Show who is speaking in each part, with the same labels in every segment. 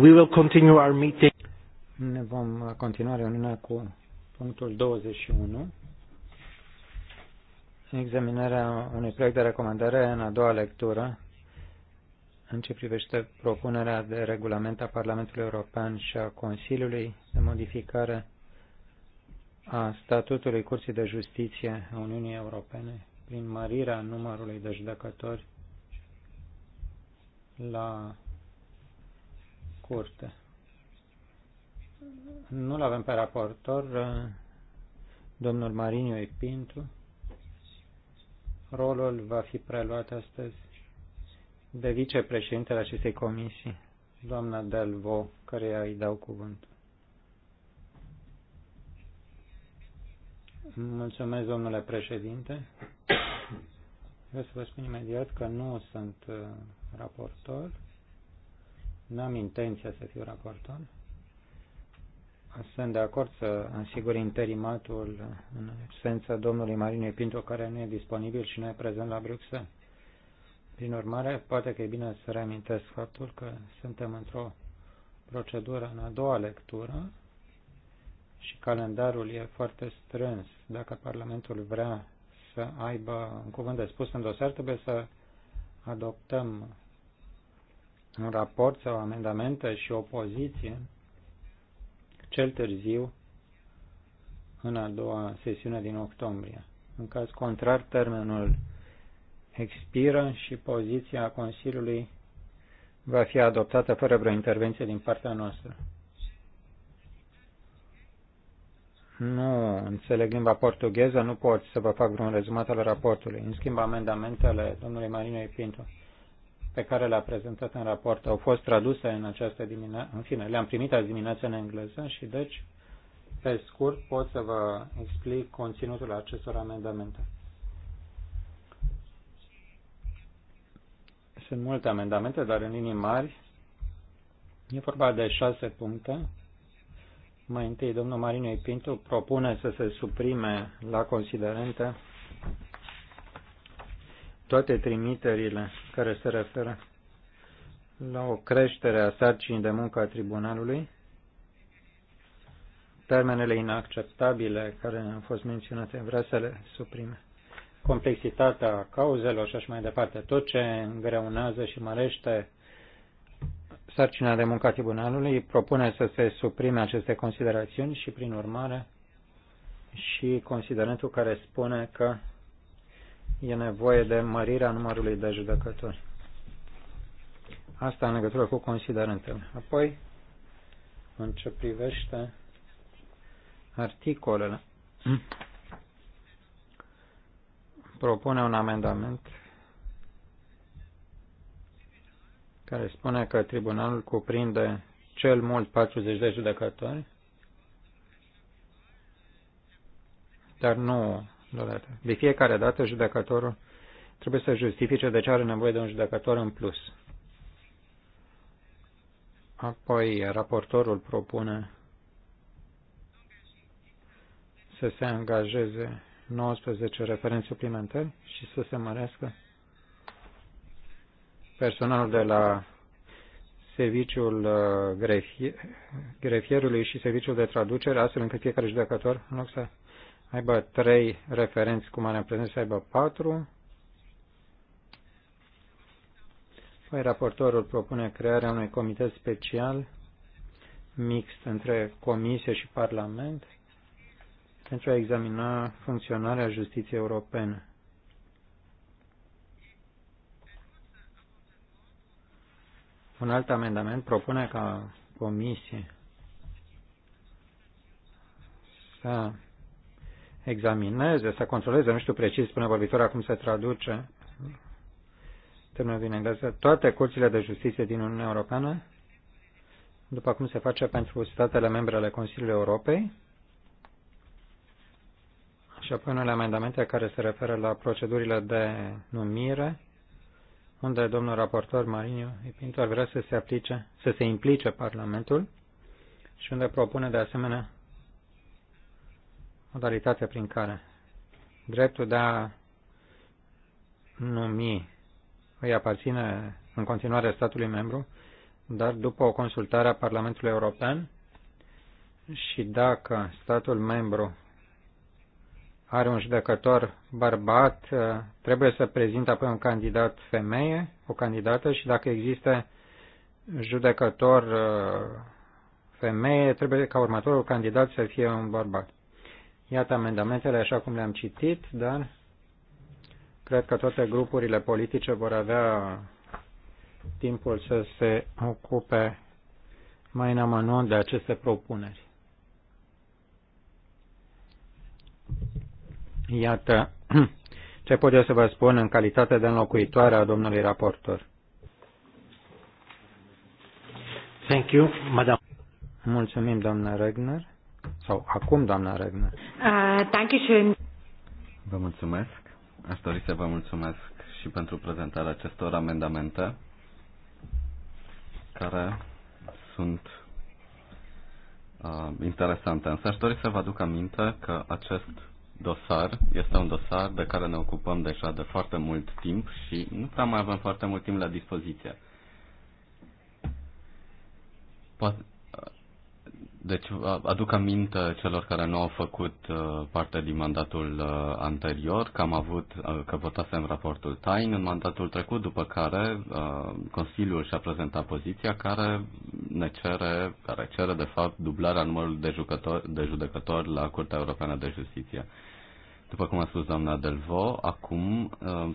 Speaker 1: we will continue our meeting. Ne vom continua reuniunea cu punctul 21. Examinarea unui proiect de recomandare în a doua lectură în ce privește propunerea de regulament a Parlamentului European și a Consiliului de modificare a statutului Curții de Justiție a Uniunii Europene prin mărirea numărului de judecători la scurte. Nu-l avem pe raportor, domnul Mariniu Epintu. Rolul va fi preluat astăzi de vicepreședintele acestei comisii, doamna Delvo, care îi dau cuvântul. Mulțumesc, domnule președinte. Vreau să vă spun imediat că nu sunt uh, raportor. N-am intenția să fiu raportor. Sunt de acord să asigur interimatul în absența domnului Marinei Pinto, care nu e disponibil și nu e prezent la Bruxelles. Prin urmare, poate că e bine să reamintesc faptul că suntem într-o procedură în a doua lectură și calendarul e foarte strâns. Dacă Parlamentul vrea să aibă un cuvânt de spus în dosar, trebuie să adoptăm un raport sau amendamente și o poziție cel târziu în a doua sesiune din octombrie. În caz contrar, termenul expiră și poziția Consiliului va fi adoptată fără vreo intervenție din partea noastră. Nu înțeleg limba portugheză, nu pot să vă fac vreun rezumat al raportului. În schimb, amendamentele domnului Marinei Pinto pe care le-a prezentat în raport au fost traduse în această dimineață, în fine, le-am primit azi dimineață în engleză și deci, pe scurt, pot să vă explic conținutul acestor amendamente. Sunt multe amendamente, dar în linii mari e vorba de șase puncte. Mai întâi, domnul Marinu Pintu propune să se suprime la considerente toate trimiterile care se referă la o creștere a sarcinii de muncă a tribunalului, termenele inacceptabile care au fost menționate, vrea să le suprime, complexitatea cauzelor și așa mai departe, tot ce îngreunează și mărește sarcina de muncă a tribunalului, propune să se suprime aceste considerațiuni și, prin urmare, și considerentul care spune că e nevoie de mărirea numărului de judecători. Asta în legătură cu considerentele. Apoi, în ce privește articolele, propune un amendament care spune că tribunalul cuprinde cel mult 40 de judecători, dar nu deodată. De fiecare dată judecătorul trebuie să justifice de ce are nevoie de un judecător în plus. Apoi raportorul propune să se angajeze 19 referenți suplimentari și să se mărească personalul de la serviciul uh, grefierului și serviciul de traducere, astfel încât fiecare judecător, în loc să aibă trei referenți, cum are în prezent să aibă patru. Păi raportorul propune crearea unui comitet special mixt între Comisie și Parlament pentru a examina funcționarea justiției europene. Un alt amendament propune ca Comisie să examineze, să controleze, nu știu precis, spune vorbitor cum se traduce, termenul din engleză, toate curțile de justiție din Uniunea Europeană, după cum se face pentru statele membre ale Consiliului Europei, și apoi unele amendamente care se referă la procedurile de numire, unde domnul raportor Mariniu Pinto ar vrea să se aplice, să se implice Parlamentul și unde propune de asemenea modalitatea prin care dreptul de a numi îi aparține în continuare statului membru, dar după o consultare a Parlamentului European și dacă statul membru are un judecător bărbat, trebuie să prezinte apoi un candidat femeie, o candidată și dacă există judecător uh, femeie, trebuie ca următorul candidat să fie un bărbat. Iată amendamentele așa cum le-am citit, dar cred că toate grupurile politice vor avea timpul să se ocupe mai în amănunt de aceste propuneri. Iată ce pot eu să vă spun în calitate de înlocuitoare a domnului raportor. Thank you, madam. Mulțumim, doamna Regner. Sau acum, doamna Regner.
Speaker 2: Uh,
Speaker 1: vă mulțumesc. Aș dori să vă mulțumesc și pentru prezentarea
Speaker 3: acestor amendamente care sunt uh, interesante. Însă aș dori să vă aduc aminte că acest dosar este un dosar de care ne ocupăm deja de foarte mult timp și nu prea mai avem foarte mult timp la dispoziție. Poate, deci aduc aminte celor care nu au făcut uh, parte din mandatul uh, anterior că am avut, uh, că votasem raportul Tain în mandatul trecut, după care Consiliul și-a prezentat poziția care ne cere, care cere de fapt dublarea numărului de, jucători, de judecători la Curtea Europeană de Justiție. După cum a spus doamna Delvo, acum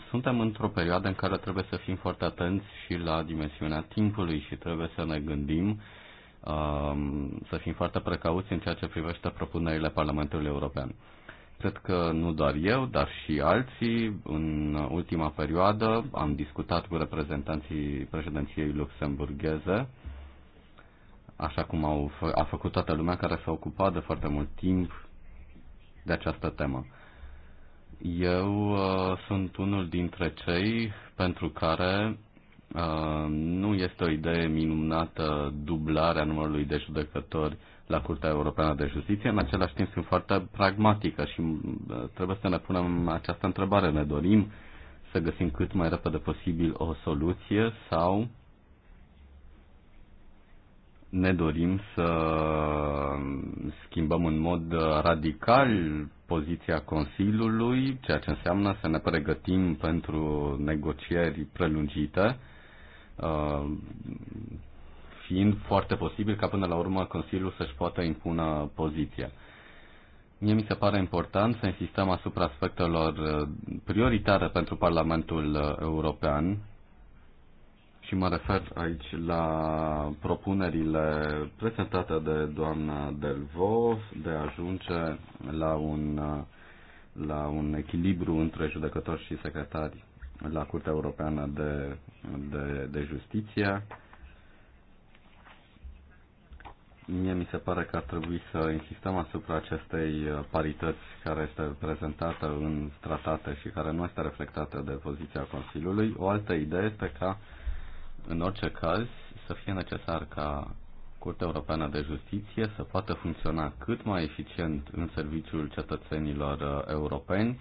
Speaker 3: suntem într-o perioadă în care trebuie să fim foarte atenți și la dimensiunea timpului și trebuie să ne gândim Um, să fim foarte precauți în ceea ce privește propunerile Parlamentului European. Cred că nu doar eu, dar și alții, în ultima perioadă am discutat cu reprezentanții președinției luxemburgheze, așa cum au, a făcut toată lumea care s-a ocupat de foarte mult timp de această temă. Eu uh, sunt unul dintre cei pentru care Uh, nu este o idee minunată dublarea numărului de judecători la Curtea Europeană de Justiție. În același timp sunt foarte pragmatică și uh, trebuie să ne punem această întrebare. Ne dorim să găsim cât mai repede posibil o soluție sau ne dorim să schimbăm în mod radical poziția Consiliului, ceea ce înseamnă să ne pregătim pentru negocieri prelungite Uh, fiind foarte posibil ca până la urmă Consiliul să-și poată impună poziția. Mie mi se pare important să insistăm asupra aspectelor uh, prioritare pentru Parlamentul uh, European și mă refer aici la propunerile prezentate de doamna Delvo de a ajunge la un, la un echilibru între judecători și secretari la Curtea Europeană de, de, de Justiție. Mie mi se pare că ar trebui să insistăm asupra acestei parități care este prezentată în tratate și care nu este reflectată de poziția Consiliului. O altă idee este ca, în orice caz, să fie necesar ca Curtea Europeană de Justiție să poată funcționa cât mai eficient în serviciul cetățenilor uh, europeni,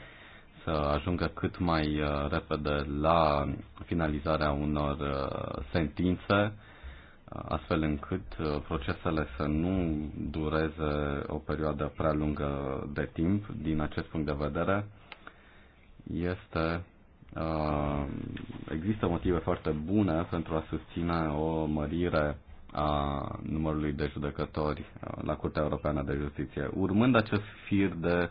Speaker 3: să ajungă cât mai uh, repede la finalizarea unor uh, sentințe, uh, astfel încât procesele să nu dureze o perioadă prea lungă de timp. Din acest punct de vedere, este există motive foarte bune pentru a susține o mărire a numărului de judecători la Curtea Europeană de Justiție. Urmând acest fir de uh,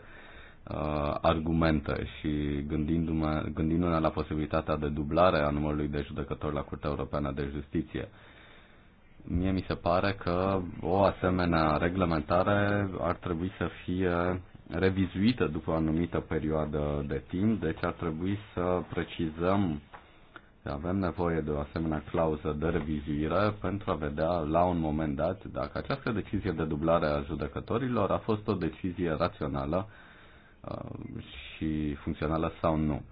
Speaker 3: uh, argumente și gândindu-mă, gândindu-ne la posibilitatea de dublare a numărului de judecători la Curtea Europeană de Justiție. Mie mi se pare că o asemenea reglementare ar trebui să fie revizuită după o anumită perioadă de timp, deci ar trebui să precizăm că avem nevoie de o asemenea clauză de revizuire pentru a vedea la un moment dat dacă această decizie de dublare a judecătorilor a fost o decizie rațională Uh, și funcțională sau nu.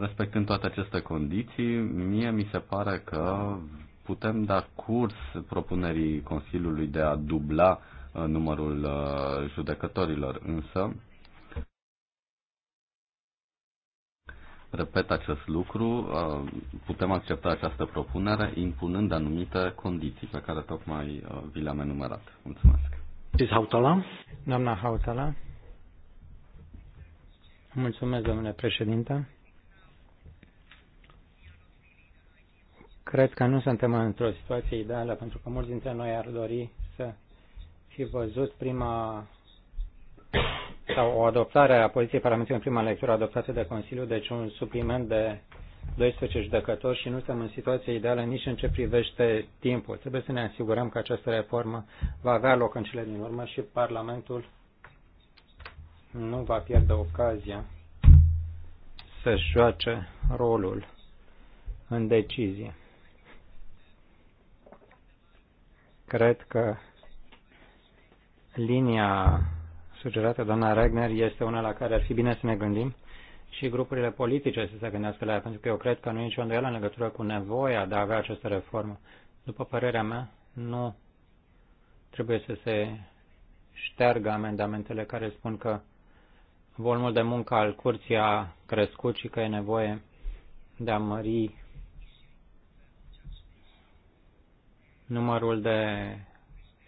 Speaker 3: Respectând toate aceste condiții, mie mi se pare că putem da curs propunerii Consiliului de a dubla uh, numărul uh, judecătorilor, însă repet acest lucru, putem accepta această propunere impunând anumite condiții pe care tocmai vi le-am enumerat. Mulțumesc.
Speaker 1: Mrs. Hautala. Doamna Hautala. Mulțumesc, domnule președinte. Cred că nu suntem într-o situație ideală, pentru că mulți dintre noi ar dori să fi văzut prima sau o adoptare a poziției Parlamentului în prima lectură adoptată de Consiliu, deci un supliment de 12 judecători și nu suntem în situație ideală nici în ce privește timpul. Trebuie să ne asigurăm că această reformă va avea loc în cele din urmă și Parlamentul nu va pierde ocazia să-și joace rolul în decizie. Cred că linia sugerată doamna Regner este una la care ar fi bine să ne gândim și grupurile politice să se gândească la ea, pentru că eu cred că nu e nicio îndoială în legătură cu nevoia de a avea această reformă. După părerea mea, nu trebuie să se șteargă amendamentele care spun că volumul de muncă al curții a crescut și că e nevoie de a mări numărul de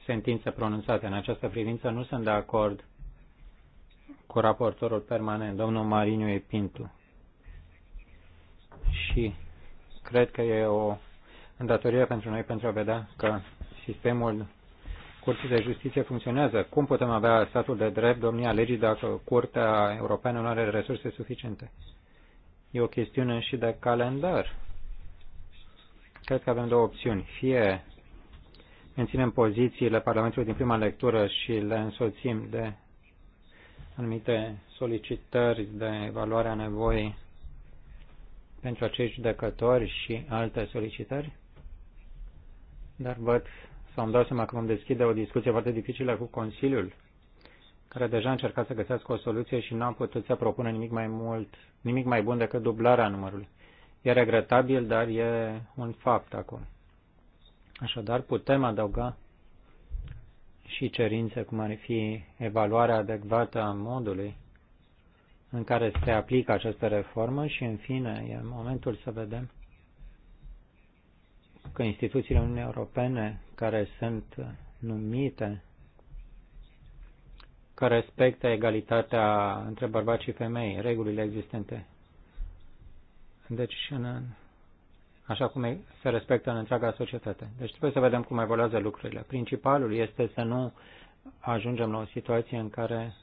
Speaker 1: sentințe pronunțate. În această privință nu sunt de acord cu raportorul permanent, domnul Mariniu Epintu. Și cred că e o îndatorie pentru noi pentru a vedea că sistemul Curții de Justiție funcționează. Cum putem avea statul de drept, domnia legii, dacă Curtea Europeană nu are resurse suficiente? E o chestiune și de calendar. Cred că avem două opțiuni. Fie menținem pozițiile Parlamentului din prima lectură și le însoțim de anumite solicitări de evaluare a nevoii pentru acești judecători și alte solicitări, dar văd sau îmi dau seama că vom deschide o discuție foarte dificilă cu Consiliul, care deja a încercat să găsească o soluție și nu a putut să propună nimic mai mult, nimic mai bun decât dublarea numărului. E regretabil, dar e un fapt acum. Așadar, putem adăuga și cerințe, cum ar fi evaluarea adecvată a modului în care se aplică această reformă și, în fine, e momentul să vedem că instituțiile Uniunii Europene care sunt numite, că respectă egalitatea între bărbați și femei, regulile existente. Deci, în așa cum se respectă în întreaga societate. Deci trebuie să vedem cum evoluează lucrurile. Principalul este să nu ajungem la o situație în care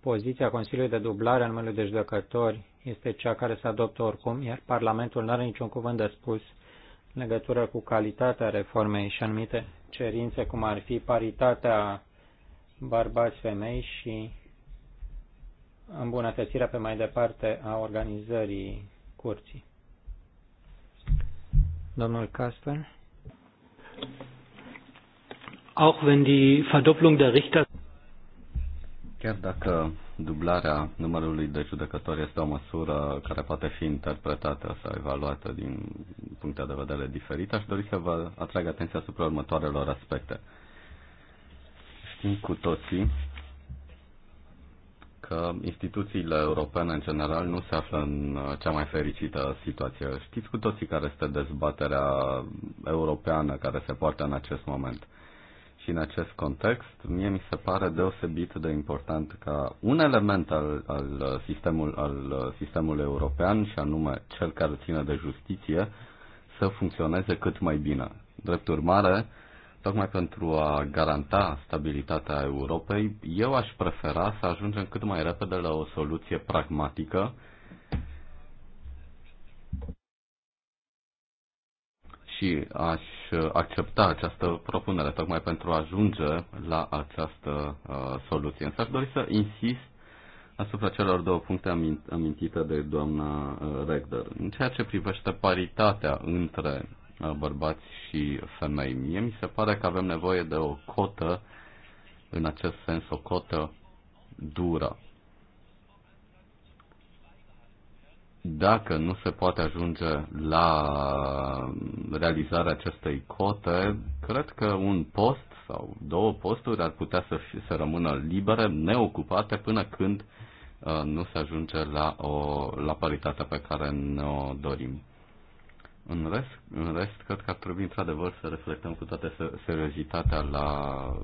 Speaker 1: poziția Consiliului de Dublare a numelui de judecători este cea care se adoptă oricum, iar Parlamentul nu are niciun cuvânt de spus în legătură cu calitatea reformei și anumite cerințe, cum ar fi paritatea bărbați-femei și îmbunătățirea pe mai departe a organizării curții. Domnul Casper. Auch wenn die Verdopplung der Richter Chiar
Speaker 3: dacă dublarea numărului de judecători este o măsură care poate fi interpretată sau evaluată din puncte de vedere diferite, aș dori să vă atrag atenția asupra următoarelor aspecte. Știm cu toții că instituțiile europene în general nu se află în uh, cea mai fericită situație. Știți cu toții care este dezbaterea europeană care se poartă în acest moment. Și în acest context, mie mi se pare deosebit de important ca un element al, al, uh, sistemul, al uh, sistemului european, și anume cel care ține de justiție, să funcționeze cât mai bine. Drept urmare, tocmai pentru a garanta stabilitatea Europei, eu aș prefera să ajungem cât mai repede la o soluție pragmatică și aș accepta această propunere tocmai pentru a ajunge la această uh, soluție. Însă aș dori să insist asupra celor două puncte amintite de doamna uh, Regder. În ceea ce privește paritatea între Uh, bărbați și femei. Mie mi se pare că avem nevoie de o cotă, în acest sens, o cotă dură. Dacă nu se poate ajunge la realizarea acestei cote, cred că un post sau două posturi ar putea să, fi, să rămână libere, neocupate, până când uh, nu se ajunge la, o, la paritatea pe care ne-o dorim. În rest, în rest, cred că ar trebui într-adevăr să reflectăm cu toată seriozitatea la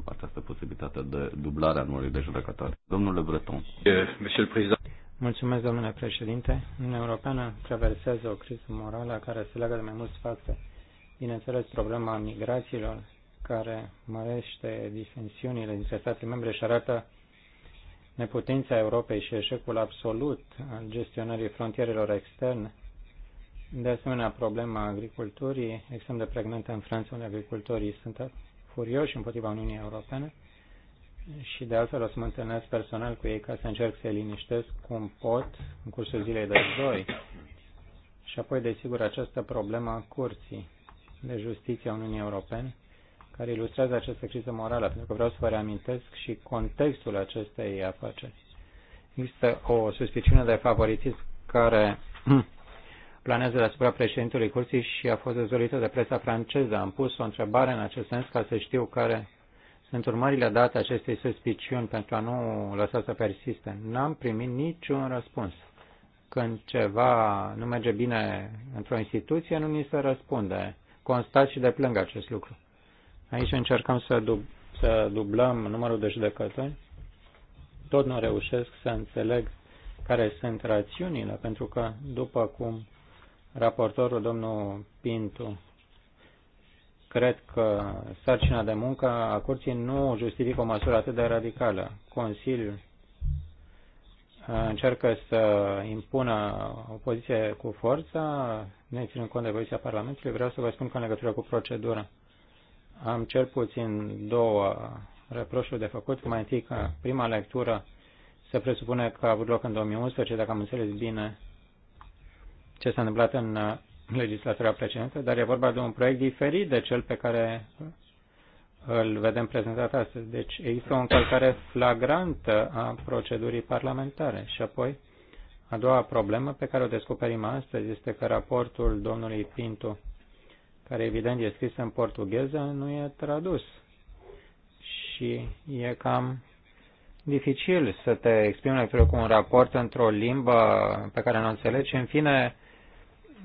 Speaker 3: această posibilitate de dublare a numărului de judecători. Domnule Breton. Eh,
Speaker 1: Mulțumesc, domnule președinte. Uniunea Europeană traversează o criză morală care se leagă de mai mulți fațe. Bineînțeles, problema migrațiilor, care mărește disensiunile dintre statele membre și arată neputința Europei și eșecul absolut al gestionării frontierelor externe, de asemenea, problema agriculturii, extrem de pregnantă în Franța, unde agricultorii sunt furioși împotriva Uniunii Europene și de altfel o să mă întâlnesc personal cu ei ca să încerc să-i liniștesc cum pot în cursul zilei de doi. Și apoi, desigur, această problemă a curții de justiție a Uniunii Europene, care ilustrează această criză morală, pentru că vreau să vă reamintesc și contextul acestei afaceri. Există o suspiciune de favoritism care planează deasupra președintului curții și a fost dezvăluită de presa franceză. Am pus o întrebare în acest sens ca să știu care sunt urmările date acestei suspiciuni pentru a nu lăsa să persiste. N-am primit niciun răspuns. Când ceva nu merge bine într-o instituție, nu ni se răspunde. Constat și deplâng acest lucru. Aici încercăm să, dub- să dublăm numărul de judecători. Tot nu reușesc să înțeleg care sunt rațiunile, pentru că, după cum raportorul domnul Pintu. Cred că sarcina de muncă a curții nu justifică o măsură atât de radicală. Consiliul uh, încearcă să impună o poziție cu forța, ne ținând cont de poziția Parlamentului. Vreau să vă spun că în legătură cu procedura am cel puțin două reproșuri de făcut. Mai întâi că prima lectură se presupune că a avut loc în 2011, dacă am înțeles bine, ce s-a întâmplat în uh, legislatura precedentă, dar e vorba de un proiect diferit de cel pe care îl vedem prezentat astăzi. Deci există o încălcare flagrantă a procedurii parlamentare. Și apoi, a doua problemă pe care o descoperim astăzi este că raportul domnului Pinto, care evident e scris în portugheză, nu e tradus. Și e cam dificil să te exprimi cu un raport într-o limbă pe care nu o înțelegi. În fine,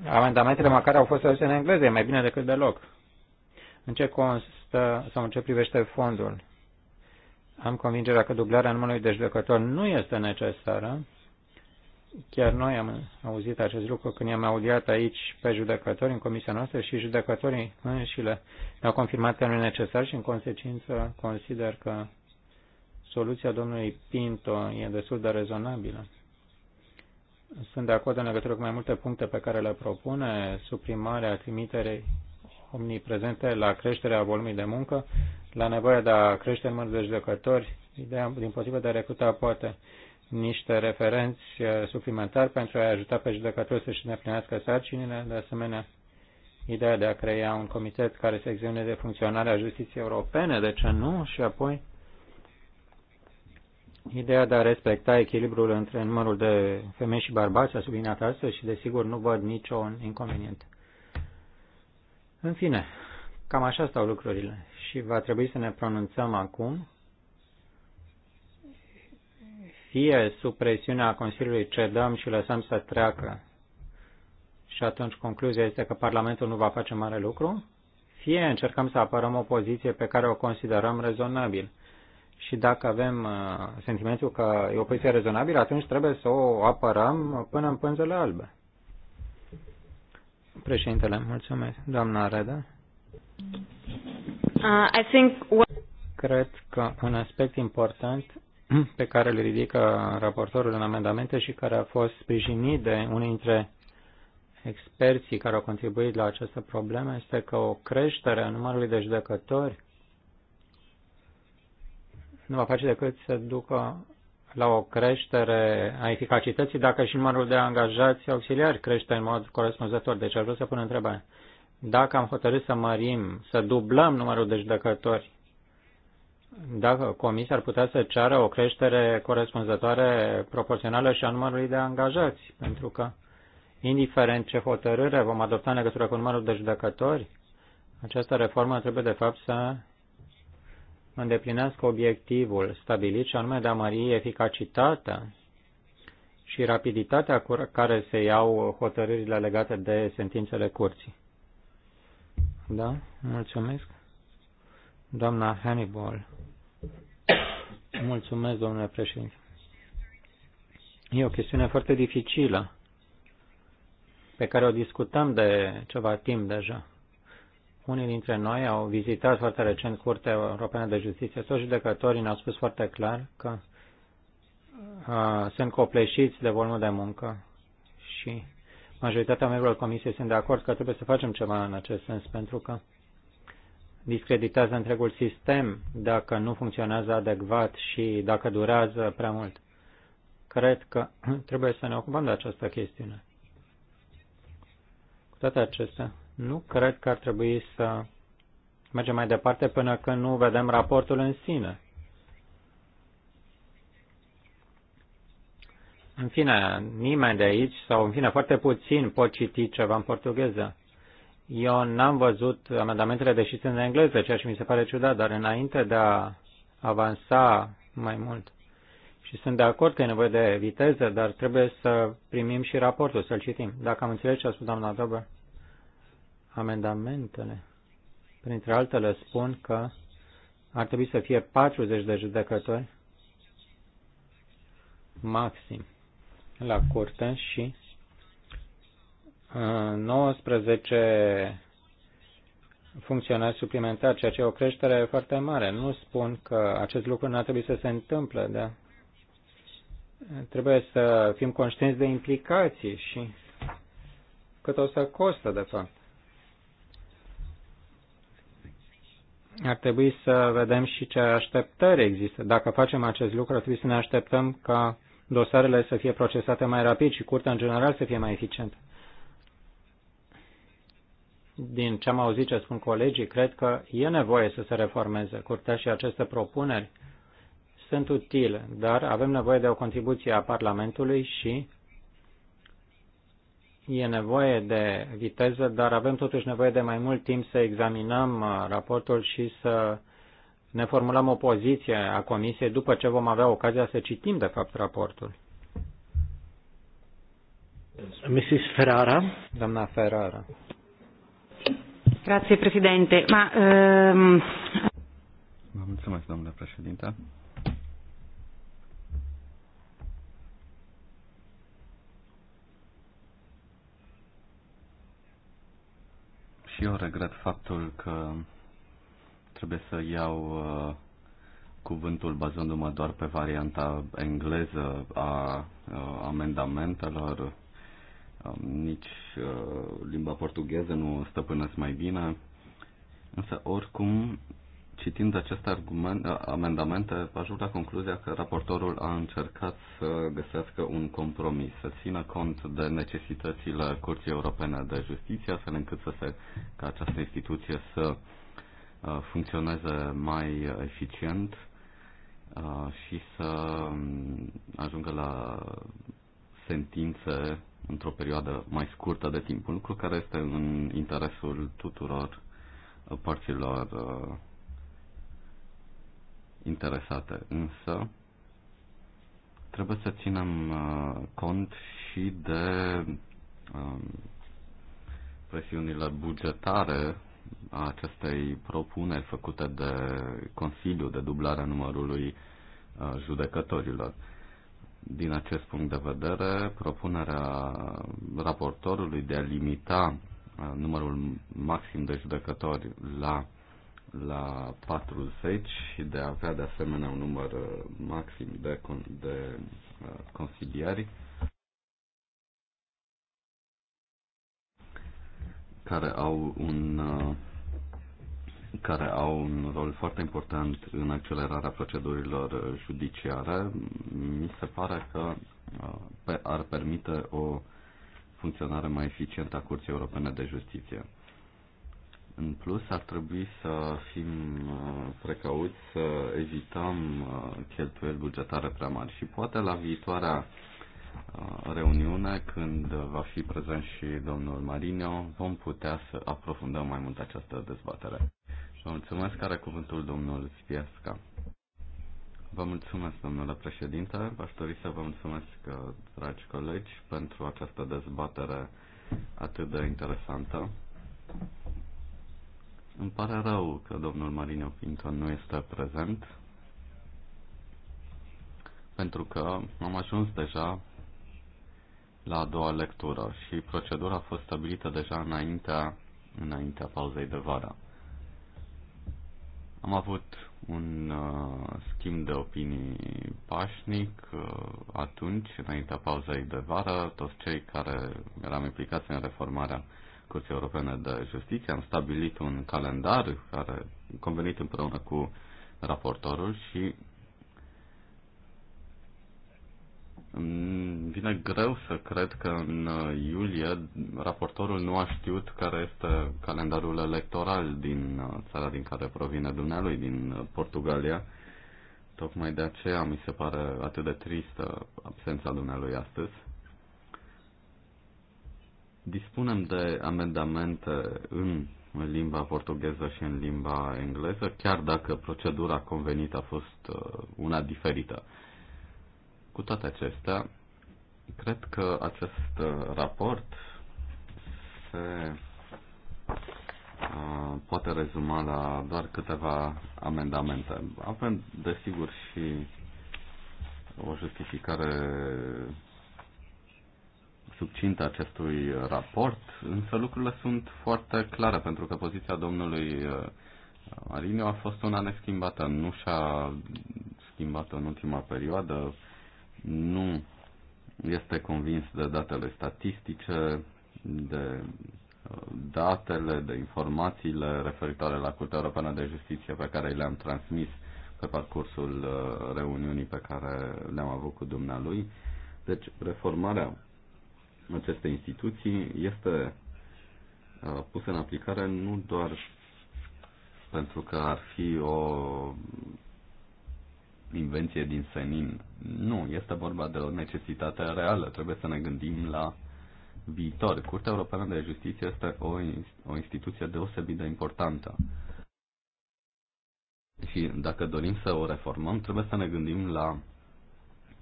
Speaker 1: Amendamentele măcar au fost traduse în engleză, e mai bine decât deloc. În ce constă sau în ce privește fondul? Am convingerea că dublarea numărului de judecători nu este necesară. Chiar noi am auzit acest lucru când i-am audiat aici pe judecători în comisia noastră și judecătorii înșile ne-au confirmat că nu e necesar și în consecință consider că soluția domnului Pinto e destul de rezonabilă. Sunt de acord în legătură cu mai multe puncte pe care le propune, suprimarea trimiterei omniprezente la creșterea volumului de muncă, la nevoia de a crește numărul de judecători, ideea din potrivă de a recruta poate niște referenți eh, suplimentari pentru a ajuta pe judecători să-și îndeplinească sarcinile, de asemenea ideea de a crea un comitet care să examineze funcționarea justiției europene, de ce nu, și apoi Ideea de a respecta echilibrul între numărul de femei și bărbați a subliniat astăzi și, desigur, nu văd niciun inconvenient. În fine, cam așa stau lucrurile și va trebui să ne pronunțăm acum fie sub presiunea Consiliului cedăm și lăsăm să treacă și atunci concluzia este că Parlamentul nu va face mare lucru, fie încercăm să apărăm o poziție pe care o considerăm rezonabilă și dacă avem uh, sentimentul că e o poziție rezonabilă, atunci trebuie să o apărăm până în pânzele albe. Președintele, mulțumesc. Doamna Reda? Uh, I think Cred că un aspect important pe care îl ridică raportorul în amendamente și care a fost sprijinit de unii dintre experții care au contribuit la această problemă este că o creștere a numărului de judecători nu va face decât să ducă la o creștere a eficacității dacă și numărul de angajați auxiliari crește în mod corespunzător. Deci aș vrea să pun întrebarea. Dacă am hotărât să mărim, să dublăm numărul de judecători, dacă comisia ar putea să ceară o creștere corespunzătoare proporțională și a numărului de angajați, pentru că indiferent ce hotărâre vom adopta în legătură cu numărul de judecători, această reformă trebuie de fapt să îndeplinească obiectivul stabilit și anume de a mări eficacitatea și rapiditatea cu care se iau hotărârile legate de sentințele curții. Da? Mulțumesc. Doamna Hannibal. Mulțumesc, domnule președinte. E o chestiune foarte dificilă pe care o discutăm de ceva timp deja. Unii dintre noi au vizitat foarte recent Curtea Europeană de Justiție. Toți judecătorii ne-au spus foarte clar că uh, sunt copleșiți de volumul de muncă și majoritatea membrilor comisiei sunt de acord că trebuie să facem ceva în acest sens pentru că discreditează întregul sistem dacă nu funcționează adecvat și dacă durează prea mult. Cred că trebuie să ne ocupăm de această chestiune. Cu toate acestea, nu cred că ar trebui să mergem mai departe până când nu vedem raportul în sine. În fine, nimeni de aici, sau în fine foarte puțin, pot citi ceva în portugheză. Eu n-am văzut amendamentele, deși sunt în engleză, ceea ce mi se pare ciudat, dar înainte de a avansa mai mult. Și sunt de acord că e nevoie de viteză, dar trebuie să primim și raportul, să-l citim. Dacă am înțeles ce a spus doamna Weber, Amendamentele, printre altele, spun că ar trebui să fie 40 de judecători maxim la curte și 19 uh, funcționari suplimentari, ceea ce e o creștere foarte mare. Nu spun că acest lucru nu ar trebui să se întâmple, dar trebuie să fim conștienți de implicații și cât o să costă, de fapt. ar trebui să vedem și ce așteptări există. Dacă facem acest lucru, ar trebui să ne așteptăm ca dosarele să fie procesate mai rapid și curtea în general să fie mai eficientă. Din ce am auzit ce spun colegii, cred că e nevoie să se reformeze curtea și aceste propuneri sunt utile, dar avem nevoie de o contribuție a Parlamentului și e nevoie de viteză, dar avem totuși nevoie de mai mult timp să examinăm uh, raportul și să ne formulăm o poziție a Comisiei după ce vom avea ocazia să citim, de fapt, raportul. Mrs. Ferrara. Doamna Ferrara.
Speaker 3: Grazie, Presidente. Ma, um... Vă mulțumesc, domnule președinte. Și eu regret faptul că trebuie să iau uh, cuvântul bazându-mă doar pe varianta engleză a uh, amendamentelor. Um, nici uh, limba portugheză nu stăpânesc mai bine, însă oricum Citind aceste argument, amendamente, ajung la concluzia că raportorul a încercat să găsească un compromis, să țină cont de necesitățile Curții Europene de Justiție, astfel încât să se, ca această instituție să funcționeze mai eficient și să ajungă la sentințe într-o perioadă mai scurtă de timp, un lucru care este în interesul tuturor părților interesate, însă trebuie să ținem uh, cont și de um, presiunile bugetare a acestei propuneri făcute de Consiliu de dublarea numărului uh, judecătorilor. Din acest punct de vedere, propunerea raportorului de a limita uh, numărul maxim de judecători la la 40 și de a avea de asemenea un număr uh, maxim de, con- de uh, consiliari care au un uh, care au un rol foarte important în accelerarea procedurilor judiciare, mi se pare că ar permite o funcționare mai eficientă a Curții Europene de Justiție. În plus, ar trebui să fim uh, precauți să evităm uh, cheltuieli bugetare prea mari și poate la viitoarea uh, reuniune, când va fi prezent și domnul Marino, vom putea să aprofundăm mai mult această dezbatere. Vă mulțumesc, care cuvântul domnul Spiesca. Vă mulțumesc, domnule președinte. Aș dori să vă mulțumesc, dragi colegi, pentru această dezbatere atât de interesantă îmi pare rău că domnul Marino Pinto nu este prezent, pentru că am ajuns deja la a doua lectură și procedura a fost stabilită deja înaintea, înaintea pauzei de vară. Am avut un uh, schimb de opinii pașnic uh, atunci, înaintea pauzei de vară, toți cei care eram implicați în reformarea uh, Curții Europene de Justiție. Am stabilit un calendar care convenit împreună cu raportorul și vine greu să cred că în iulie raportorul nu a știut care este calendarul electoral din țara din care provine dumnealui, din Portugalia. Tocmai de aceea mi se pare atât de tristă absența dumnealui astăzi. Dispunem de amendamente în limba portugheză și în limba engleză, chiar dacă procedura convenită a fost uh, una diferită. Cu toate acestea, cred că acest uh, raport se uh, poate rezuma la doar câteva amendamente. Avem, desigur, și o justificare succintă acestui raport, însă lucrurile sunt foarte clare, pentru că poziția domnului uh, Marinio a fost una neschimbată, nu și-a schimbat în ultima perioadă, nu este convins de datele statistice, de uh, datele, de informațiile referitoare la Curtea Europeană de Justiție pe care le-am transmis pe parcursul uh, reuniunii pe care le-am avut cu dumnealui. Deci, reformarea aceste instituții este uh, pusă în aplicare nu doar pentru că ar fi o invenție din senin. Nu, este vorba de o necesitate reală. Trebuie să ne gândim la viitor. Curtea Europeană de Justiție este o, o instituție deosebit de importantă. Și dacă dorim să o reformăm, trebuie să ne gândim la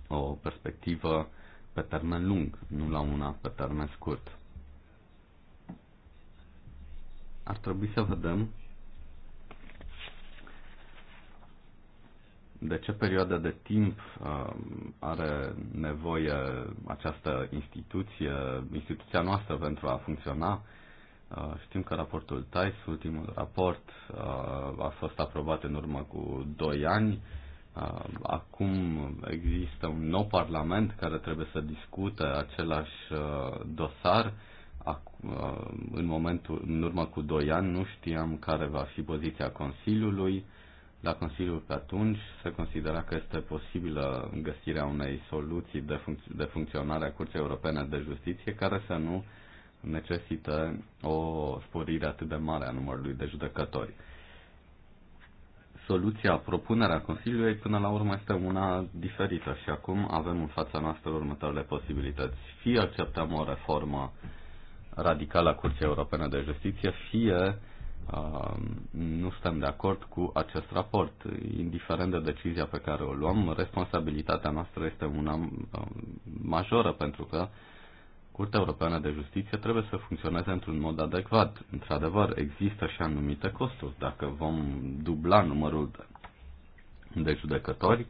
Speaker 3: o perspectivă pe termen lung, nu la una pe termen scurt. Ar trebui să vedem de ce perioadă de timp uh, are nevoie această instituție, instituția noastră pentru a funcționa. Uh, știm că raportul TAIS, ultimul raport, uh, a fost aprobat în urmă cu 2 ani Uh, acum există un nou parlament care trebuie să discute același uh, dosar. Uh, în, momentul, în urmă cu doi ani nu știam care va fi poziția Consiliului. La Consiliul pe atunci se considera că este posibilă găsirea unei soluții de, func- de funcționare a Curții Europene de Justiție care să nu necesită o sporire atât de mare a numărului de judecători soluția, propunerea Consiliului până la urmă este una diferită și acum avem în fața noastră următoarele posibilități. Fie acceptăm o reformă radicală a Curții Europene de Justiție, fie uh, nu suntem de acord cu acest raport. Indiferent de decizia pe care o luăm, responsabilitatea noastră este una uh, majoră pentru că uh, Curtea Europeană de Justiție trebuie să funcționeze într-un mod adecvat. Într-adevăr, există și anumite costuri. Dacă vom dubla numărul de judecători,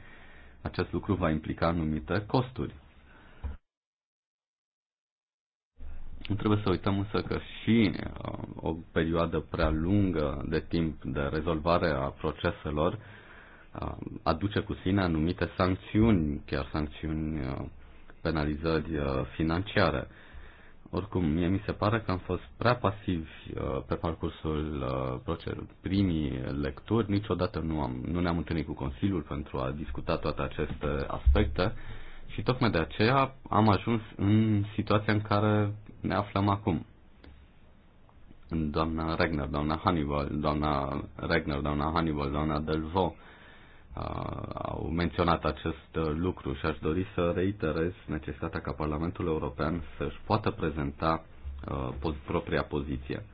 Speaker 3: acest lucru va implica anumite costuri. Nu trebuie să uităm însă că și uh, o perioadă prea lungă de timp de rezolvare a proceselor uh, aduce cu sine anumite sancțiuni, chiar sancțiuni uh, penalizări uh, financiare. Oricum, mie mi se pare că am fost prea pasivi uh, pe parcursul uh, procesului Primii lecturi, niciodată nu, am, nu ne-am întâlnit cu Consiliul pentru a discuta toate aceste aspecte și tocmai de aceea am ajuns în situația în care ne aflăm acum. Doamna Regner, doamna Hannibal, doamna Regner, doamna Hannibal, doamna Delvaux, au menționat acest uh, lucru și aș dori să reiterez necesitatea ca Parlamentul European să-și poată prezenta uh, propria poziție.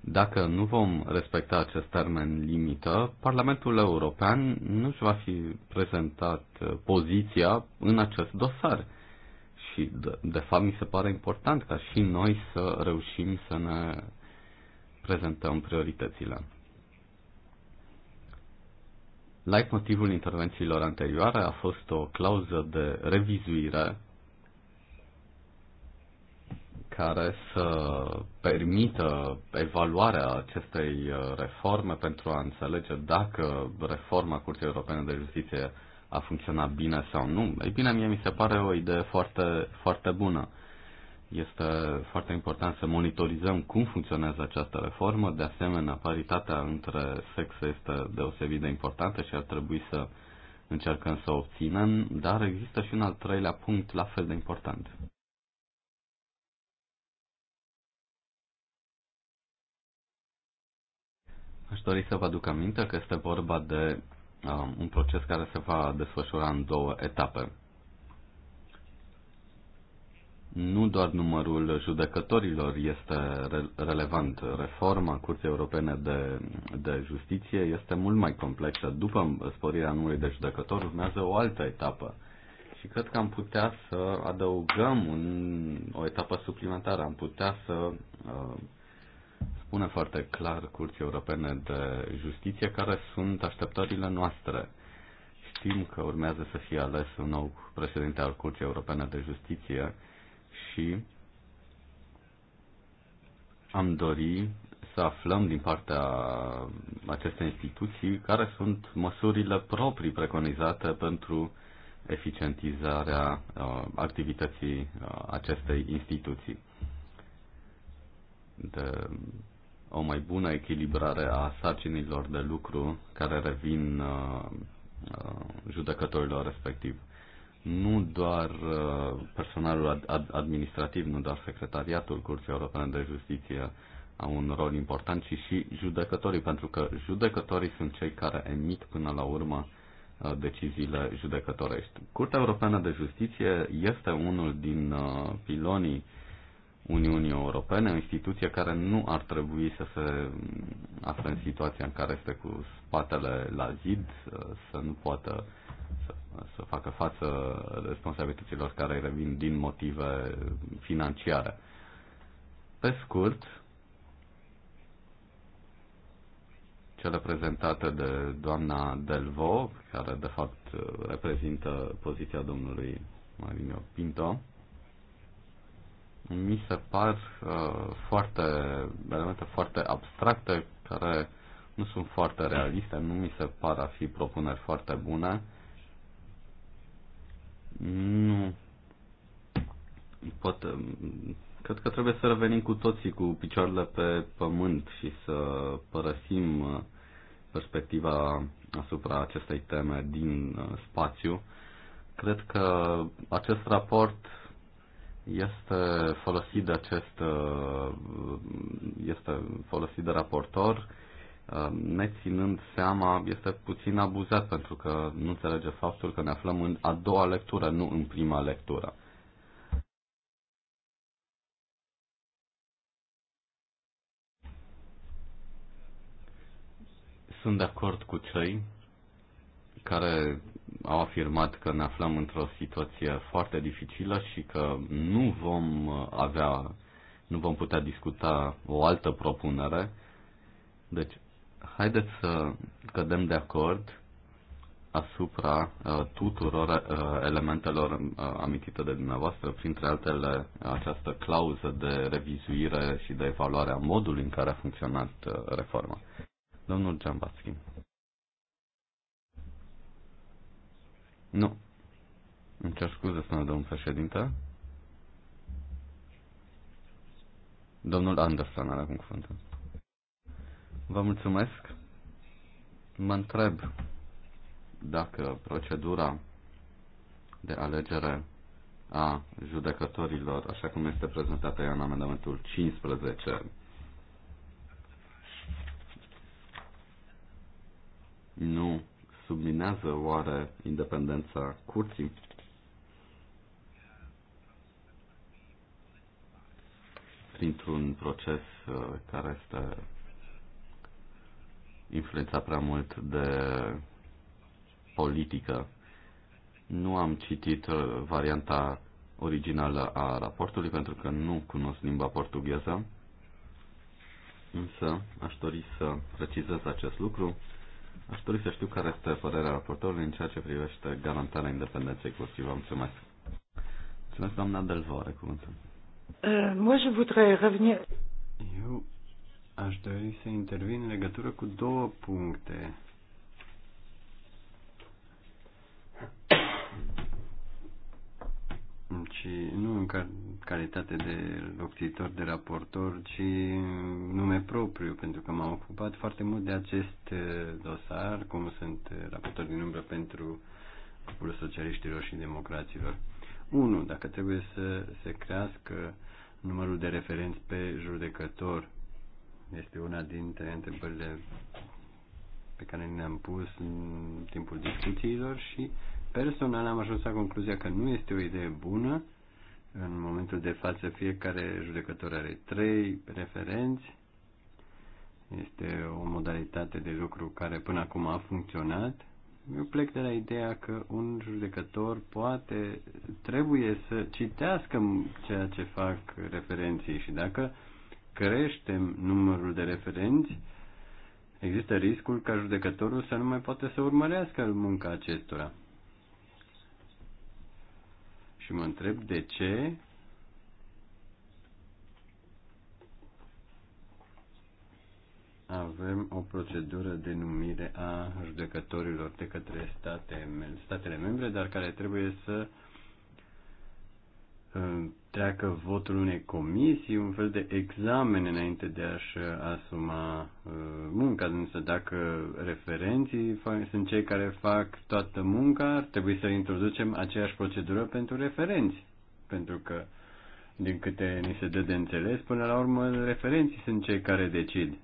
Speaker 3: Dacă nu vom respecta acest termen limită, Parlamentul European nu își va fi prezentat uh, poziția în acest dosar. Și, de, de fapt, mi se pare important ca și noi să reușim să ne prezentăm prioritățile. Like motivul intervențiilor anterioare a fost o clauză de revizuire care să permită evaluarea acestei uh, reforme pentru a înțelege dacă reforma Curții Europene de Justiție a funcționat bine sau nu. Ei bine, mie mi se pare o idee foarte, foarte bună. Este foarte important să monitorizăm cum funcționează această reformă. De asemenea, paritatea între sexe este deosebit de importantă și ar trebui să încercăm să o obținem, dar există și un al treilea punct la fel de important. Aș dori să vă aduc aminte că este vorba de um, un proces care se va desfășura în două etape nu doar numărul judecătorilor este relevant. Reforma Curții Europene de, de Justiție este mult mai complexă. După sporirea numărului de judecători urmează o altă etapă. Și cred că am putea să adăugăm un, o etapă suplimentară. Am putea să uh, spunem foarte clar Curții Europene de Justiție care sunt așteptările noastre știm că urmează să fie ales un nou președinte al Curții Europene de Justiție și am dori să aflăm din partea acestei instituții care sunt măsurile proprii preconizate pentru eficientizarea uh, activității uh, acestei instituții. De o mai bună echilibrare a sarcinilor de lucru care revin uh, uh, judecătorilor respectiv nu doar uh, personalul administrativ, nu doar secretariatul Curții Europene de Justiție au un rol important, ci și judecătorii, pentru că judecătorii sunt cei care emit până la urmă uh, deciziile judecătorești. Curtea Europeană de Justiție este unul din uh, pilonii Uniunii Europene, o instituție care nu ar trebui să se um, afle în situația în care este cu spatele la zid, să nu poată să facă față responsabilităților care revin din motive financiare. Pe scurt, cele prezentate de doamna Delvo, care de fapt reprezintă poziția domnului Marino Pinto, mi se par uh, foarte, elemente foarte abstracte care nu sunt foarte realiste, nu mi se par a fi propuneri foarte bune nu. Poate. Um, cred că trebuie să revenim cu toții cu picioarele pe pământ și să părăsim uh, perspectiva asupra acestei teme din uh, spațiu. Cred că acest raport este folosit de acest uh, este folosit de raportor Uh, neținând seama, este puțin abuzat pentru că nu înțelege faptul că ne aflăm în a doua lectură, nu în prima lectură. Sunt de acord cu cei care au afirmat că ne aflăm într-o situație foarte dificilă și că nu vom uh, avea, nu vom putea discuta o altă propunere. Deci, haideți să cădem de acord asupra uh, tuturor uh, elementelor uh, amintite de dumneavoastră, printre altele această clauză de revizuire și de evaluare a modului în care a funcționat uh, reforma. Domnul Giambatski. Nu. Îmi cer scuze, spune domnul președinte. Domnul Anderson are acum cuvântul. Vă mulțumesc. Mă întreb dacă procedura de alegere a judecătorilor, așa cum este prezentată în amendamentul 15, nu subminează oare independența curții? Printr-un proces uh, care este influențat prea mult de politică. Nu am citit uh, varianta originală a raportului pentru că nu cunosc limba portugheză, însă aș dori să precizez acest lucru. Aș dori să știu care este părerea raportorului în ceea ce privește garantarea independenței cursii. Vă mulțumesc. Mulțumesc, doamna Delvoare, cuvântul.
Speaker 1: Uh, moi, je voudrais revenir...
Speaker 2: Eu Aș dori să intervin în legătură cu două puncte. și nu în calitate de locțitor, de raportor, ci nume propriu, pentru că m-am ocupat foarte mult de acest uh, dosar, cum sunt raportor din umbră pentru grupul socialiștilor și democraților. Unu, Dacă trebuie să se crească numărul de referenți pe judecător este una dintre întrebările pe care ne-am pus în timpul discuțiilor și personal am ajuns la concluzia că nu este o idee bună. În momentul de față fiecare judecător are trei referenți. Este o modalitate de lucru care până acum a funcționat. Eu plec de la ideea că un judecător poate, trebuie să citească ceea ce fac referenții și dacă creștem numărul de referenți, există riscul ca judecătorul să nu mai poată să urmărească munca acestora. Și mă întreb de ce avem o procedură de numire a judecătorilor de către state, statele membre, dar care trebuie să uh, treacă votul unei comisii, un fel de examen înainte de a-și asuma uh, munca. Însă dacă referenții sunt cei care fac toată munca, ar trebui să introducem aceeași procedură pentru referenți. Pentru că, din câte ni se dă de înțeles, până la urmă referenții sunt cei care decid.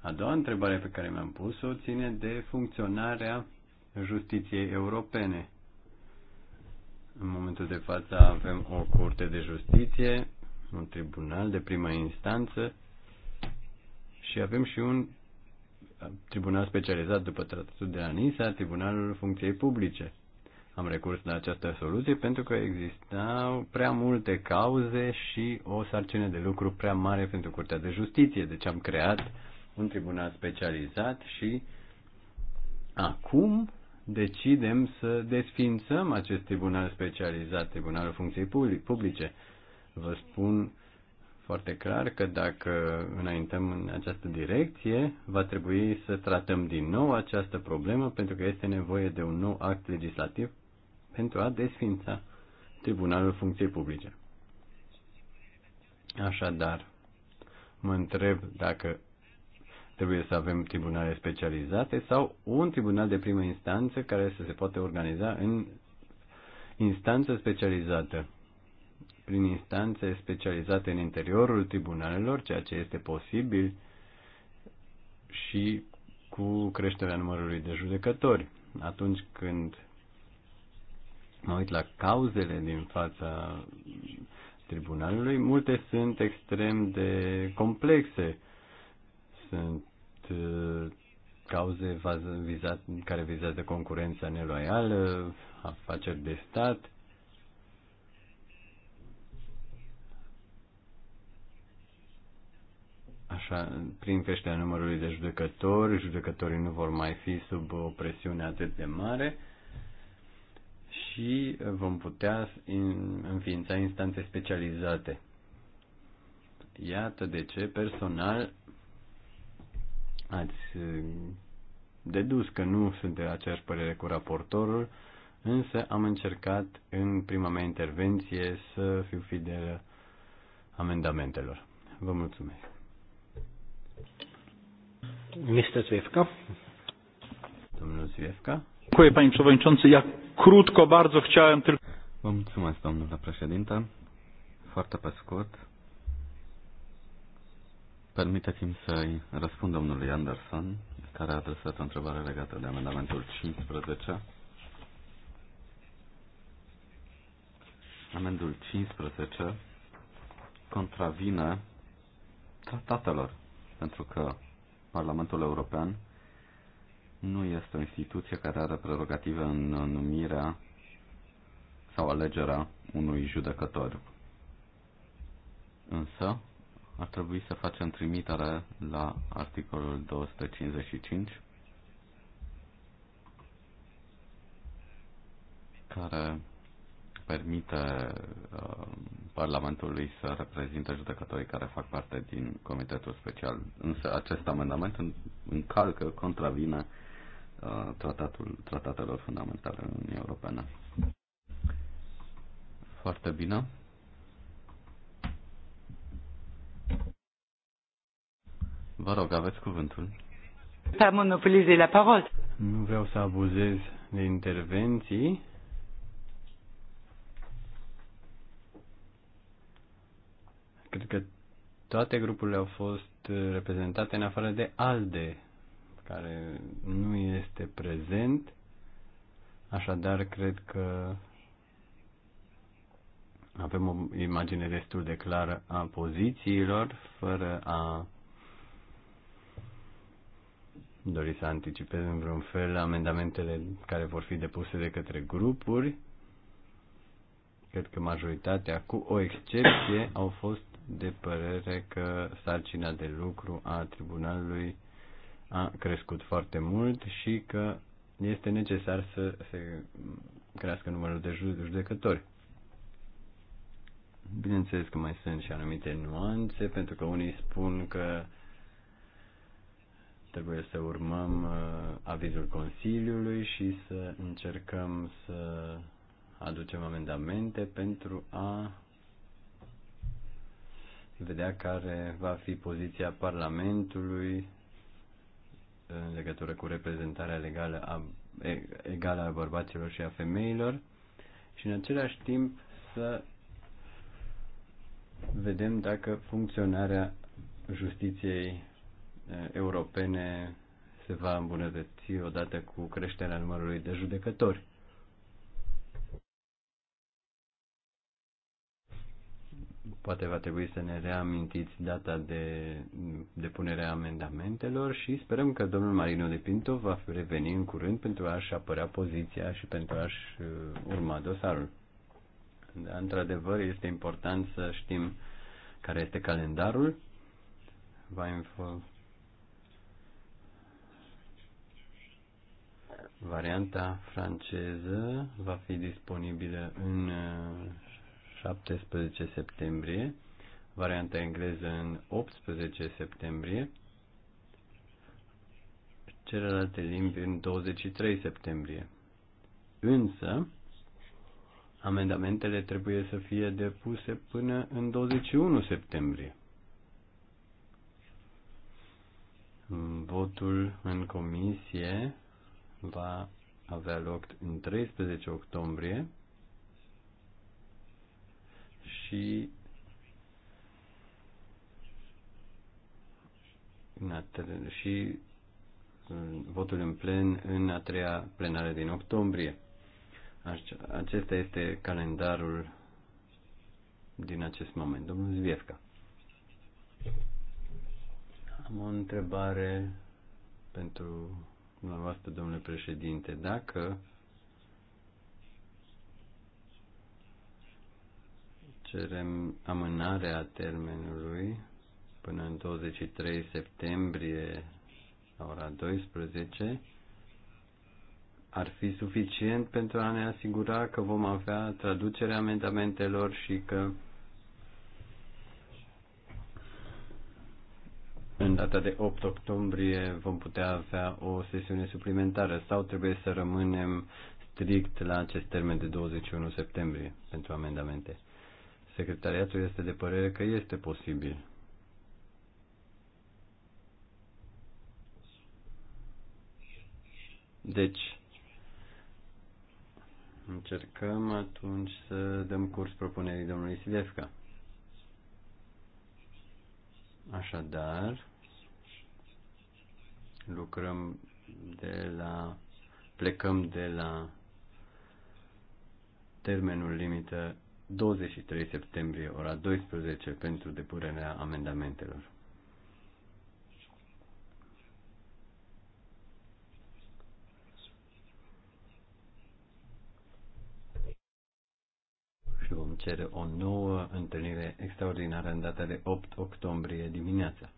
Speaker 2: A doua întrebare pe care mi-am pus-o ține de funcționarea justiției europene în momentul de față avem o curte de justiție, un tribunal de prima instanță și avem și un tribunal specializat după tratatul de la Nisa, Tribunalul Funcției Publice. Am recurs la această soluție pentru că existau prea multe cauze și o sarcină de lucru prea mare pentru Curtea de Justiție. Deci am creat un tribunal specializat și
Speaker 1: acum
Speaker 2: decidem să desfințăm acest tribunal specializat, Tribunalul Funcției Publice. Vă spun foarte clar că dacă înaintăm în această direcție, va trebui să tratăm din nou această problemă pentru că este nevoie de un nou act legislativ pentru a desfința Tribunalul Funcției Publice. Așadar, mă întreb dacă Trebuie să avem tribunale specializate sau un tribunal de primă instanță care să se poată organiza în instanță specializată prin instanțe specializate în interiorul tribunalelor, ceea ce este posibil și cu creșterea numărului de judecători. Atunci când mă uit la cauzele din fața tribunalului, multe sunt extrem de complexe sunt uh, cauze care vizează concurența neloială, afaceri de stat. Așa, prin creșterea numărului de judecători, judecătorii nu vor mai fi sub o presiune atât de mare și vom putea înființa instanțe specializate. Iată de ce personal Ați eh, dedus că nu sunt de aceeași părere cu raportorul, însă am încercat în prima mea intervenție să fiu fidelă amendamentelor. Vă mulțumesc.
Speaker 1: Mr. Zwiefka.
Speaker 2: Domnul Zwiefka.
Speaker 1: Dziękuję Panie
Speaker 3: Przewodniczący. Ja
Speaker 2: krótko bardzo chciałem tylko...
Speaker 3: Vă mulțumesc, domnule președinte. Foarte pe scurt, Permiteți-mi să-i răspund domnului Anderson, care a adresat o întrebare legată de amendamentul 15. Amendul 15 contravine tratatelor, pentru că Parlamentul European nu este o instituție care are prerogative în numirea sau alegerea unui judecător. Însă, ar trebui să facem trimitere la articolul 255 care permite uh, Parlamentului să reprezinte judecătorii care fac parte din Comitetul Special. Însă acest amendament încalcă, contravine uh, tratatul, tratatelor fundamentale în Uniunea Europeană. Foarte bine. Vă rog,
Speaker 2: aveți cuvântul.
Speaker 1: Să monopoliser la parole.
Speaker 2: Nu vreau să abuzez de intervenții. Cred că toate grupurile au fost uh, reprezentate în afară de ALDE, care nu este prezent. Așadar, cred că avem o imagine destul de clară a pozițiilor, fără a dori să anticipez în vreun fel amendamentele care vor fi depuse de către grupuri. Cred că majoritatea, cu o excepție, au fost de părere că sarcina de lucru a tribunalului a crescut foarte mult și că este necesar să se crească numărul de judecători. Bineînțeles că mai sunt și anumite nuanțe, pentru că unii spun că Trebuie să urmăm uh, avizul Consiliului și să încercăm să aducem amendamente pentru a vedea care va fi poziția Parlamentului în legătură cu reprezentarea legală a, egală a bărbaților și a femeilor și în același timp să vedem dacă funcționarea justiției Eh, europene se va îmbunătăți odată cu creșterea numărului de judecători. Poate va trebui să ne reamintiți data de depunere a amendamentelor și sperăm că domnul Marino de Pinto va reveni în curând pentru a-și apărea poziția și pentru a-și eh, urma dosarul. Da, într-adevăr, este important să știm care este calendarul. Va informa Varianta franceză va fi disponibilă în 17 uh, septembrie, varianta engleză în 18 septembrie, celelalte limbi în 23 septembrie. Însă, amendamentele trebuie să fie depuse până în 21 septembrie. Votul în comisie va avea loc în 13 octombrie și și uh, votul în plen în a treia plenară din octombrie. Acesta este calendarul din acest moment. Domnul Zviesca. Am o întrebare pentru dumneavoastră, domnule președinte, dacă cerem amânarea termenului până în 23 septembrie la ora 12, ar fi suficient pentru a ne asigura că vom avea traducerea amendamentelor și că în data de 8 octombrie vom putea avea o sesiune suplimentară sau trebuie să rămânem strict la acest termen de 21 septembrie pentru amendamente. Secretariatul este de părere că este posibil. Deci, încercăm atunci să dăm curs propunerii domnului Silefca. Așadar, lucrăm de la plecăm de la termenul limită 23 septembrie ora 12 pentru depunerea amendamentelor. cere o nouă întâlnire extraordinară în data de 8 octombrie dimineața.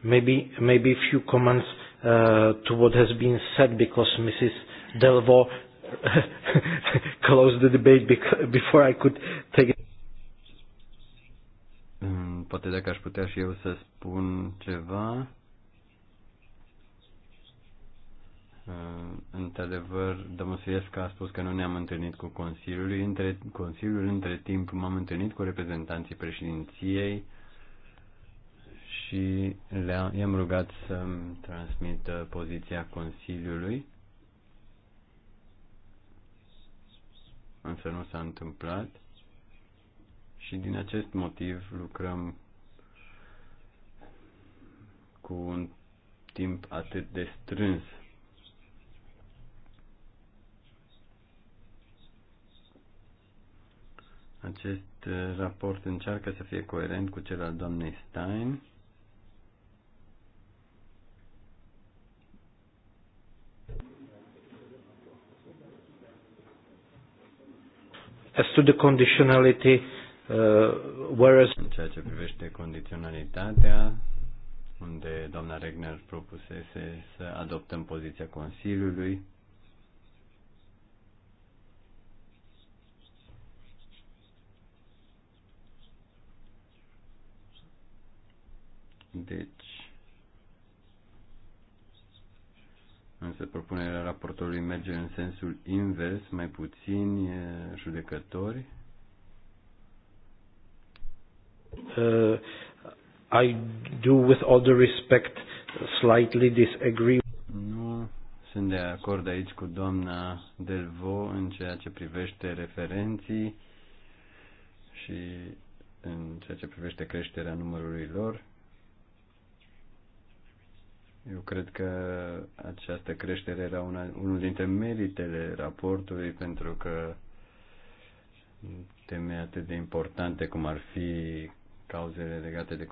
Speaker 1: Maybe, maybe a few comments uh, to what has been said because Mrs. Delvaux closed the debate before I could take it.
Speaker 2: Poate dacă aș putea și eu să spun ceva Uh, într-adevăr, domnul Sirescu a spus că nu ne-am întâlnit cu Consiliul. Între, Consiliul, între timp, m-am întâlnit cu reprezentanții președinției și i-am rugat să-mi transmită poziția Consiliului. Însă nu s-a întâmplat. Și din acest motiv lucrăm cu un timp atât de strâns Acest uh, raport încearcă să fie coerent cu cel al doamnei Stein. As to the conditionality, uh, whereas... În ceea ce privește condiționalitatea, unde doamna Regner propusese să adoptăm poziția Consiliului, Deci, însă propunerea raportorului merge în sensul invers, mai puțini judecători.
Speaker 1: Uh, I do with all the respect slightly disagree. Nu sunt de acord
Speaker 2: aici cu doamna Delvo în ceea ce privește referenții și în ceea ce privește creșterea numărului lor. Eu cred că această creștere era una, unul dintre meritele raportului pentru că teme atât de importante cum ar fi cauzele legate de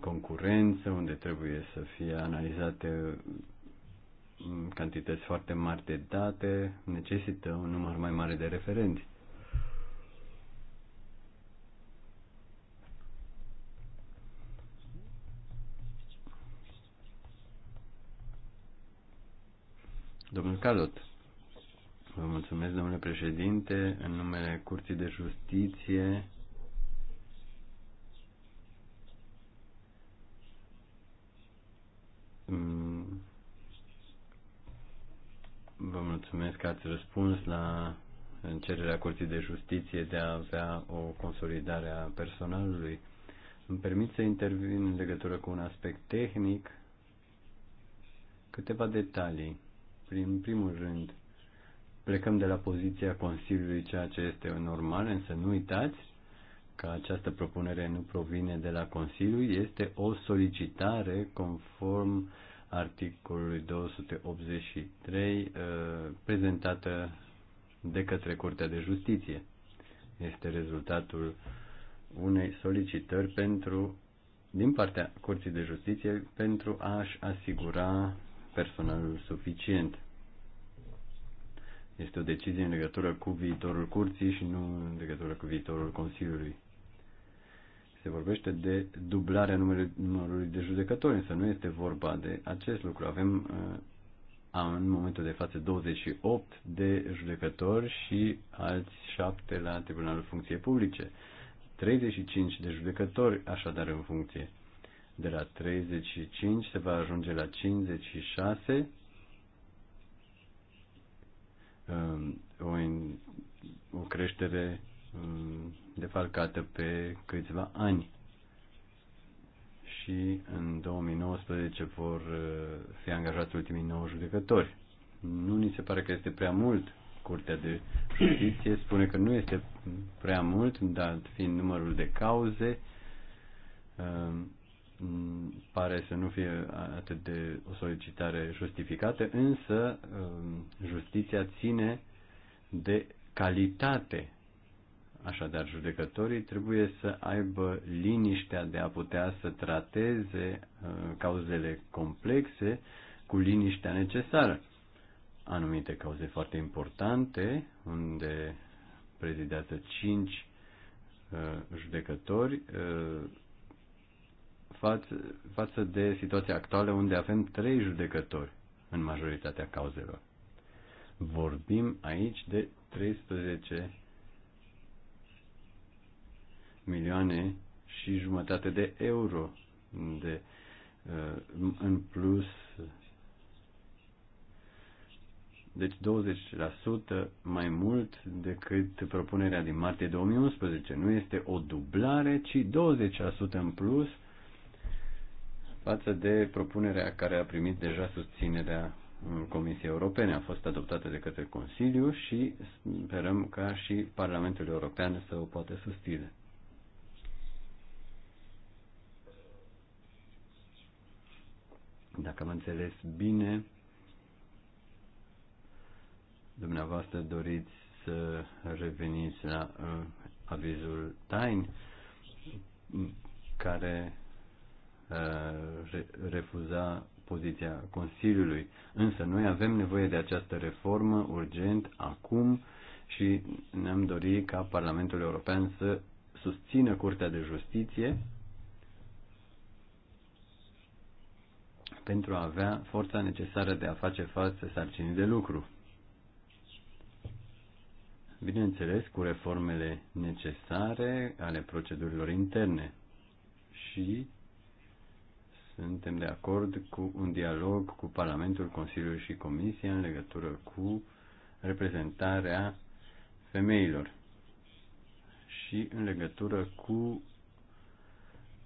Speaker 2: concurență, unde trebuie să fie analizate mm, cantități foarte mari de date, necesită un număr mai mare de referenți. Domnul Calot. Vă mulțumesc, domnule președinte, în numele Curții de Justiție. Mm, vă mulțumesc că ați răspuns la cererea Curții de Justiție de a avea o consolidare a personalului. Îmi permit să intervin în legătură cu un aspect tehnic, câteva detalii prin primul rând, plecăm de la poziția Consiliului, ceea ce este normal, însă nu uitați că această propunere nu provine de la Consiliu, este o solicitare conform articolului 283 uh, prezentată de către Curtea de Justiție. Este rezultatul unei solicitări pentru din partea Curții de Justiție pentru a-și asigura personalul suficient. Este o decizie în legătură cu viitorul curții și nu în legătură cu viitorul Consiliului. Se vorbește de dublarea numărului de judecători, însă nu este vorba de acest lucru. Avem uh, în momentul de față 28 de judecători și alți 7 la Tribunalul Funcției Publice. 35 de judecători așadar în funcție de la 35 se va ajunge la 56. Um, o, o creștere um, defalcată pe câțiva ani. Și în 2019 vor uh, fi angajați ultimii 9 judecători. Nu ni se pare că este prea mult. Curtea de Justiție spune că nu este prea mult, dar fiind numărul de cauze um, Mm, pare să nu fie atât de o solicitare justificată, însă mm, justiția ține de calitate. Așadar, judecătorii trebuie să aibă liniștea de a putea să trateze mm, cauzele complexe cu liniștea necesară. Anumite cauze foarte importante, unde prezidează cinci judecători, față, față de situația actuală unde avem trei judecători în majoritatea cauzelor. Vorbim aici de 13 milioane și jumătate de euro de, uh, în plus. Deci 20% mai mult decât propunerea din martie 2011. Nu este o dublare, ci 20% în plus față de propunerea care a primit deja susținerea Comisiei Europene. A fost adoptată de către Consiliu și sperăm ca și Parlamentul European să o poată susține. Dacă am înțeles bine, dumneavoastră doriți să reveniți la uh, avizul Tain, care Uh, refuza poziția Consiliului. Însă noi avem nevoie de această reformă urgent acum și ne-am dorit ca Parlamentul European să susțină Curtea de Justiție pentru a avea forța necesară de a face față sarcinii de lucru. Bineînțeles, cu reformele necesare ale procedurilor interne și suntem de acord cu un dialog cu Parlamentul, Consiliul și Comisia în legătură cu reprezentarea femeilor și în legătură cu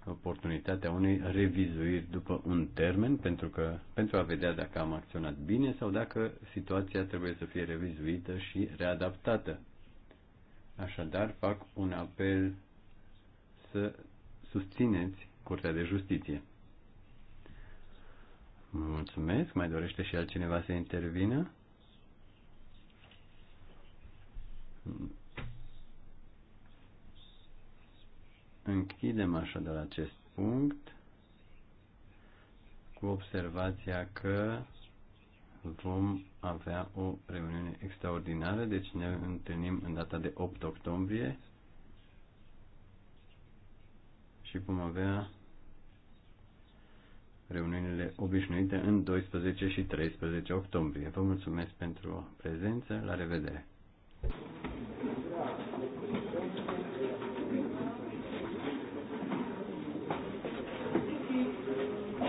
Speaker 2: oportunitatea unei revizuiri după un termen pentru, că, pentru a vedea dacă am acționat bine sau dacă situația trebuie să fie revizuită și readaptată. Așadar, fac un apel să susțineți Curtea de Justiție. Mulțumesc. Mai dorește și altcineva să intervină? Închidem așadar acest punct cu observația că vom avea o reuniune extraordinară, deci ne întâlnim în data de 8 octombrie și vom avea reuniunile obișnuite în 12 și 13 octombrie. Vă mulțumesc pentru prezență. La revedere!